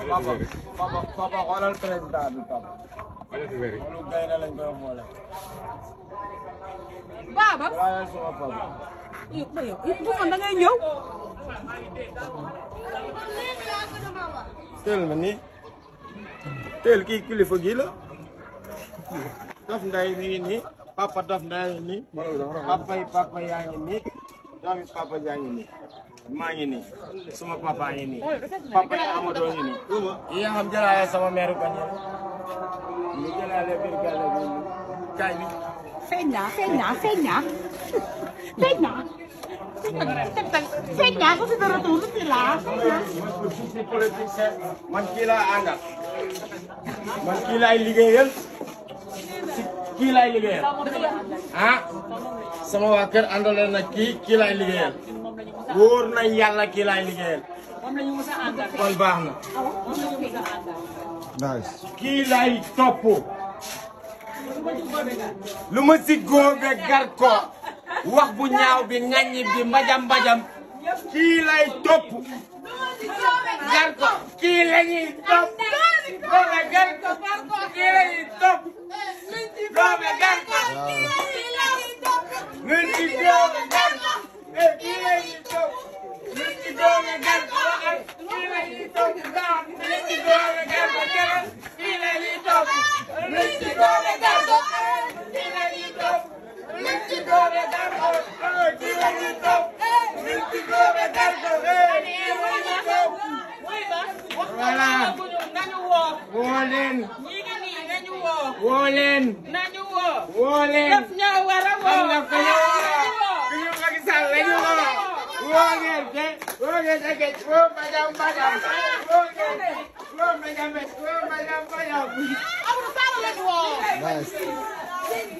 papa papa papa xoolal président bi papa. loolu gay na lañ koy xoolal. baba. waaye sama papa. bu ma da ngay ñëw. teel ma kilifa gii la. daf nday mi ngi papa daf nday mi papa yi papa yaa ngi nii. papa yaa ngi maa ngi nii suma papa papa ngi nii yi nga xam sama mère bañ a ñu jëlaale biir gàlle bi kaay bi. feeñ naa feeñ naa feeñ naa feeñ naa. feeñ naa kii laay liggéeyal ah sama waa kër àndoon na kii kii laay liggéeyal wóor na yàlla kii laay liggéeyal kon baax na kii laay topp lu ma si góobe gar ko wax bu ñaaw bi ŋaññi bi mbajam mbajam kii lay topp gar ko kii lañuy topp góobe gar ko kii lañuy topp Eh, eh, eh, voilà. Voilà. woo. woo leen. nañu woo. woo leen. daf ñoo war a woo. daf ñoo war a woo. bu ñu Macky Sall la ñu woo. woo ngeen de. woo ngeen de kecc. woo Madiame Madiame. woo ngeen de. woo Madiame woo Madiame Madiame. Abdou Sall la ñu woo.